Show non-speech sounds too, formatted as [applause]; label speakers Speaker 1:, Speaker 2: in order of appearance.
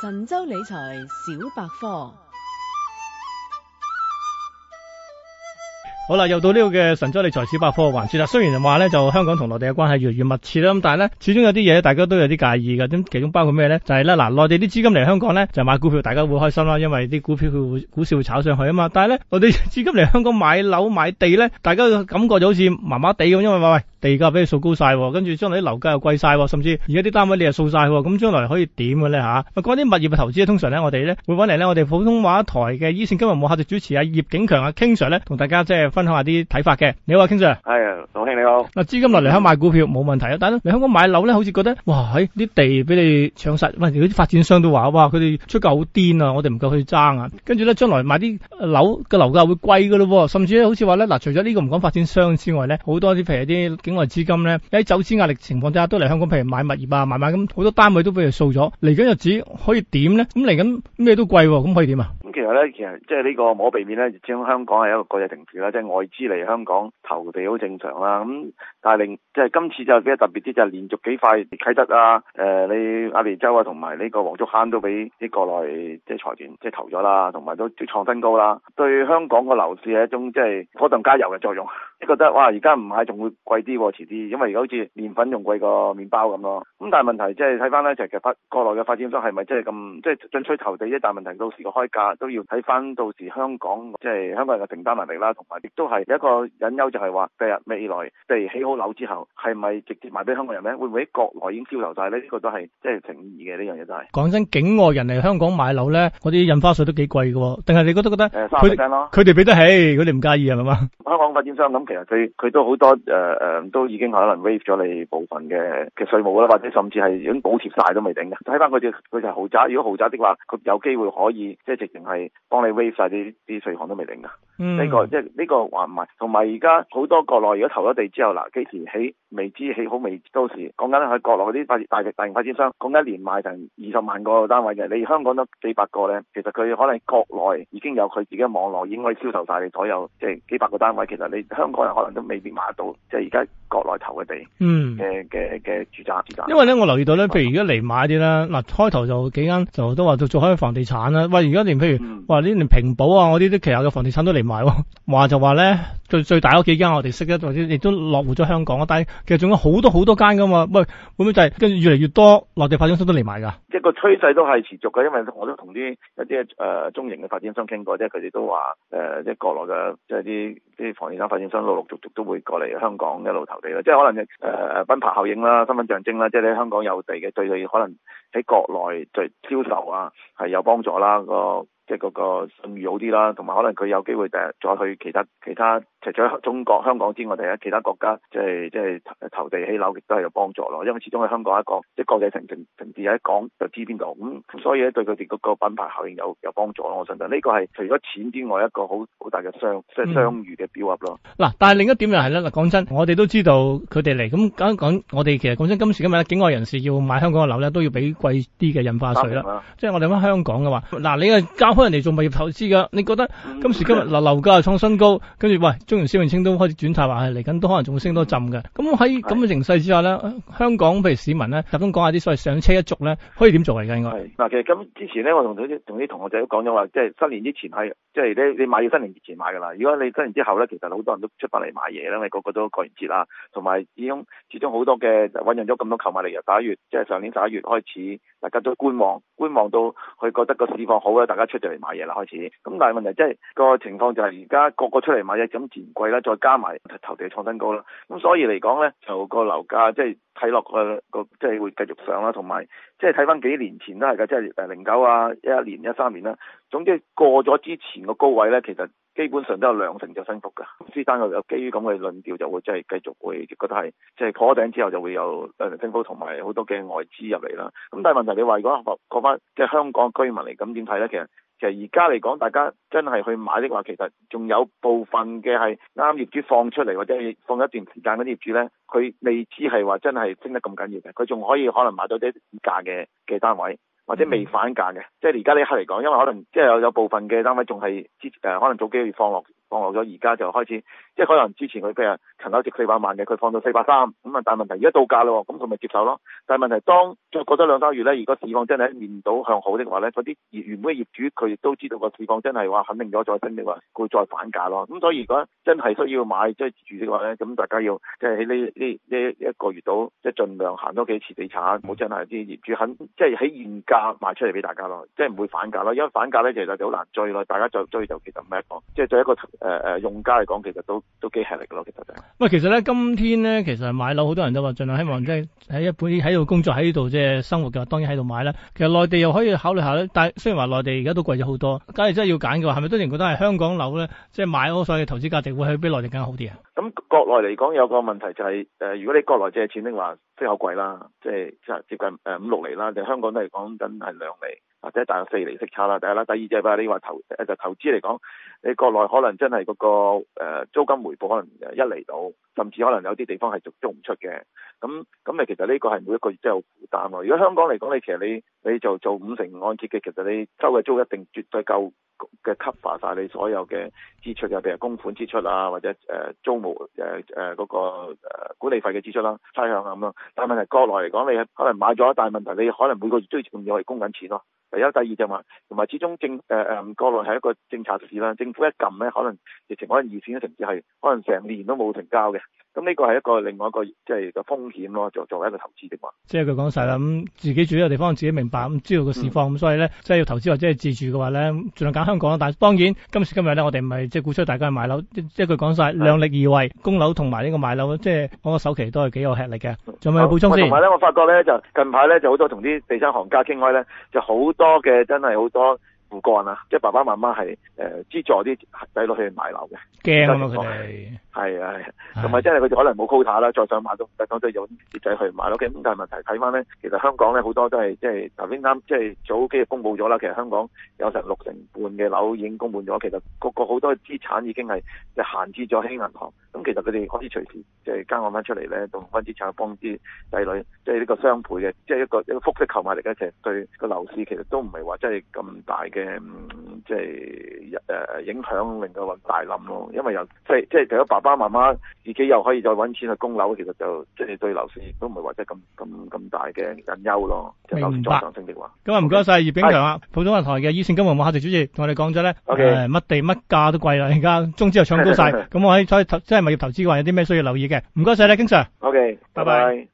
Speaker 1: 神州理財小百科。好啦，又到呢個嘅神州理財小百科嘅環節啦。雖然人話咧就香港同內地嘅關係越嚟越密切啦，咁但係咧始終有啲嘢大家都有啲介意嘅。咁其中包括咩咧？就係咧嗱，內地啲資金嚟香港咧就是、買股票，大家會開心啦，因為啲股票佢會股市會炒上去啊嘛。但係咧內地資金嚟香港買樓買地咧，大家感覺就好似麻麻地咁，因為喂喂地價俾佢掃高曬，跟住將來啲樓價又貴曬，甚至而家啲單位你又掃曬，咁將來可以點嘅咧嚇？嗰、啊、啲物業嘅投資通常咧我哋咧會揾嚟咧我哋普通話台嘅醫線今日冇客席主持啊，葉景強啊 King Sir 呢，經常咧同大家即係。分享下啲睇法嘅，你好啊傾 Sir，係
Speaker 2: 老兄你好。
Speaker 1: 嗱，資金落嚟香港買股票冇問題，但係咧，你香港買樓咧，好似覺得哇，喺啲地俾你搶晒，甚至啲發展商都話哇，佢哋出價好癲啊，我哋唔夠佢爭啊。跟住咧，將來買啲樓嘅樓價會貴噶咯，甚至咧，好似話咧，嗱，除咗呢個唔講發展商之外咧，好多啲譬如啲境外資金咧，喺走資壓力情況之下，都嚟香港譬如買物業啊，買買咁，好多單位都俾佢掃咗。嚟緊日子可以點咧？咁嚟緊咩都貴，咁可以點啊？
Speaker 2: 其實咧，其實即係呢個冇可避免咧，始終香港係一個國際城市啦，即係外資嚟香港投地好正常啦、啊。咁但係另即係今次就比較特別啲，就係、是、連續幾塊啟德啊，誒、呃、你鴨脷洲啊，同埋呢個黃竹坑都俾啲國內即係財團即係投咗啦，同埋都創新高啦，對香港個樓市係一種即係火上加油嘅作用。即係覺得哇！而家唔買仲會貴啲喎，遲啲，因為而家好似麵粉仲貴過麵包咁咯。咁但係問題即係睇翻咧，就其實國內嘅發展商係咪真係咁即係進取投地？一但問題到時個開價都要睇翻到時香港即係、就是、香港人嘅承擔能力啦，同埋亦都係一個隱憂就，就係話第日未來地起好樓之後，係咪直接賣俾香港人咧？會唔會喺國內已經銷售晒呢？呢、這個都係即係成疑嘅呢樣嘢，真係
Speaker 1: 講真，境外人嚟香港買樓咧，嗰啲印花稅都幾貴㗎喎。定係你
Speaker 2: 覺得覺得佢哋
Speaker 1: 俾得起？佢哋唔介意係咪啊？是是
Speaker 2: 香港發展商咁。係啊，佢佢都好多誒誒、呃，都已經可能 waive 咗你部分嘅嘅稅務啦，或者甚至係已經補貼晒都未定。嘅。睇翻佢哋，佢就豪宅。如果豪宅的話，佢有機會可以即係直情係幫你 waive 曬啲啲稅項都未定。㗎、嗯。
Speaker 1: 呢、這個即
Speaker 2: 係呢個話唔埋，同埋而家好多國內如果投咗地之後嗱，幾時起未知，起好未到時講緊喺國內嗰啲發大型發展商，講緊一年賣成二十萬個單位嘅，你香港都幾百個咧，其實佢可能國內已經有佢自己嘅網絡，已經可以消售晒你所有即係、就是、幾百個單位。其實你香港。可能都未必買得到，即係而家國內投嘅地，嘅嘅嘅住宅資產。因為咧，
Speaker 1: 我留意到咧，譬如而家嚟買啲咧，嗱、嗯、開頭就幾間就都話做開房地產啦。喂，而家連譬如，話呢、嗯、連平保啊，我呢啲旗下嘅房地產都嚟買，話就話咧。最最大嗰幾間我哋識咧，或者亦都落戶咗香港啊！但係其實仲有好多好多間噶嘛，喂，會唔會就係跟住越嚟越多內地發展商都嚟買㗎？即
Speaker 2: 係個趨勢都係持續嘅，因為我都同啲一啲誒、呃、中型嘅發展商傾過，即係佢哋都話誒、呃，即係國內嘅即係啲啲房地產發展商陸陸續續都會過嚟香港一路投地咯。即係可能誒誒、呃、品牌效應啦，身份象徵啦，即係你香港有地嘅對佢可能。喺國內再銷售啊，係有幫助、啊那個那個、啦，個即係嗰個信譽好啲啦，同埋可能佢有機會誒再去其他其他，除咗中國香港之外，其他其他國家即係即係投地起樓，亦都係有幫助咯。因為始終喺香港一個，即係國際城城城市一講就知邊度，咁所以咧對佢哋嗰個品牌效應有有幫助咯。我相信呢、這個係除咗錢之外，一個好好大嘅商即係、嗯、商譽嘅標誌咯。
Speaker 1: 嗱、嗯，但係另一點又係咧，嗱講真，我哋都知道佢哋嚟咁講講，我哋其實講真今時今日境外人士要買香港嘅樓咧，都要俾，貴啲嘅印花稅啦，即係我哋翻香港嘅話，嗱，你係教開人哋做物業投資嘅，你覺得今時今日嗱樓價又創新高，跟住的喂，中原、施永青都開始轉態話係嚟緊都可能仲會升多浸嘅，咁喺咁嘅形勢之下咧，的香港譬如市民咧，集中講下啲所謂上車一族咧，可以點做嚟噶？應該
Speaker 2: 嗱，其實咁之前咧，我同啲同啲同學仔都講咗話，即係新年之前係即係咧，你買要新年之前買噶啦。如果你新年之後咧，其實好多人都出翻嚟買嘢啦，你個個都過完節啦，同埋始終始終好多嘅醞釀咗咁多購買力由，由十一月即係上年十一月開始。大家都觀望，觀望到佢覺得個市況好咧，大家出咗嚟買嘢啦，開始。咁但係問題即係個情況就係而家個個出嚟買嘢，咁錢貴啦，再加埋投地創新高啦。咁所以嚟講咧，就個樓價即係睇落去，個即係會繼續上啦，同埋即係睇返幾年前都係㗎，即係誒零九啊一一年、一三年啦。總之過咗之前個高位咧，其實基本上都有兩成就升幅嘅。師生又有基於咁嘅論調，就會即係繼續會覺得係即係破頂之後就會有兩成升幅同埋好多嘅外資入嚟啦。咁但係問題你話如果講翻即係香港嘅居民嚟，咁點睇咧？其實其實而家嚟講，大家真係去買的話，其實仲有部分嘅係啱啱業主放出嚟或者放一段時間啲業主咧，佢未知係話真係升得咁緊要嘅，佢仲可以可能買到啲價嘅嘅單位。或者未反彈嘅，即係而家呢一刻嚟講，因為可能即係有有部分嘅單位仲係之，誒，可能早幾個月放落。放落咗，而家就開始，即係可能之前佢譬如層樓值四百萬嘅，佢放到四百三，咁啊，但係問題而家到價嘞喎，咁佢咪接受咯？但係問題當再過多兩三個月咧，如果市況真係面倒向好的話咧，嗰啲原本業主佢亦都知道個市況真係話肯定咗再升的話，佢再反價咯。咁所以如果真係需要買即係、就是、住的話咧，咁大家要即係喺呢呢呢一個月度即係儘量行多幾次地產，冇真係啲業主肯即係喺現價賣出嚟俾大家咯，即係唔會反價咯。因為反價咧，其實就好難追咯，大家就追就其實唔係一即係再一個。誒誒，用家嚟講，其實都都幾吃力噶咯，其實就。
Speaker 1: 喂，其實咧，今天咧，其實買樓好多人都話，盡量希望即係喺一本喺度工作，喺度即係生活嘅話，當然喺度買啦。其實內地又可以考慮下咧，但係雖然話內地而家都貴咗好多，假如真係要揀嘅話，係咪都仍然覺得係香港樓咧，即係買好，所嘅投資價值會比內地更加好啲啊？咁
Speaker 2: 國內嚟講，有個問題就係，誒，如果你國內借錢嘅話，即係好貴啦，即係即係接近誒五六厘啦，定香港都係講緊係兩厘，或者大概四厘息差啦，第一啦，第二就係、是、話你話投誒就是、投資嚟講，你國內可能真係嗰、那個租金回報可能一嚟到，甚至可能有啲地方係續租唔出嘅，咁咁咪其實呢個係每一個月都有負擔咯。如果香港嚟講，你其實你你就做，做五成按揭嘅，其實你收嘅租一定絕對夠。嘅 cover 晒你所有嘅支出嘅，譬如供款支出啊，或者誒、呃、租務誒誒嗰個管理費嘅支出啦，差餉咁咯。但係問題國內嚟講，你可能買咗，一大問題你可能每個月最重要係供緊錢咯。第一、第二就話同埋，始終政誒誒國內係一個政策市啦。政府一撳咧，可能疫情可能二線嘅城市係可能成年都冇成交嘅。咁呢個係一個另外一個即係個風險咯，作作為一個投資的話。
Speaker 1: 即係佢講晒啦，咁、嗯、自己住呢個地方自己明白，咁知道個市況，咁、嗯、所以咧，即係要投資或者係自住嘅話咧，儘量揀香港，但係當然今時今日咧，我哋唔係即係鼓吹大家去買樓，即係佢講晒量力而為，供樓同埋呢個買樓，即係我首期都係幾有吃力嘅。仲有冇補充好先？同埋
Speaker 2: 咧，我發覺咧，就近排咧就好多同啲地產行家傾開咧，就好多嘅真係好多父幹啊，即係爸爸媽媽係誒資助啲仔落去買樓
Speaker 1: 嘅，驚啊佢哋。
Speaker 2: 係啊，同埋即係佢哋可能冇 quota 啦，再想買都唔得，咁所以有啲蝕仔去買咯。咁、okay，但係問題睇翻咧，其實香港咧好多都係即係頭先啱即係早幾日公布咗啦，其實香港有成六成半嘅樓已經供滿咗，其實個個好多資產已經係即係閒置咗喺銀行，咁其實佢哋可以隨時即係加按翻出嚟咧，同分資產幫啲仔女，即係呢個雙倍嘅，即係一個一個複式購買力嘅，其實對個樓市其實都唔係話真係咁大嘅即係誒影響，令到話大冧咯，因為有即係即係有一爸爸媽媽自己又可以再搵錢去供樓，其實就即係對樓市亦都唔係話即係咁咁咁大嘅隱憂咯。明白。即係樓市再上升
Speaker 1: 嘅話。今日唔該晒葉景強啊，普通話台嘅一線金融客席主席，同我哋講咗咧，OK 乜地乜價都貴啦，而家中資又搶高晒。咁 [laughs] [laughs] 我喺所以即係物業投資嘅話有啲咩需要留意嘅？唔該晒啦，景強。
Speaker 2: O K，拜拜。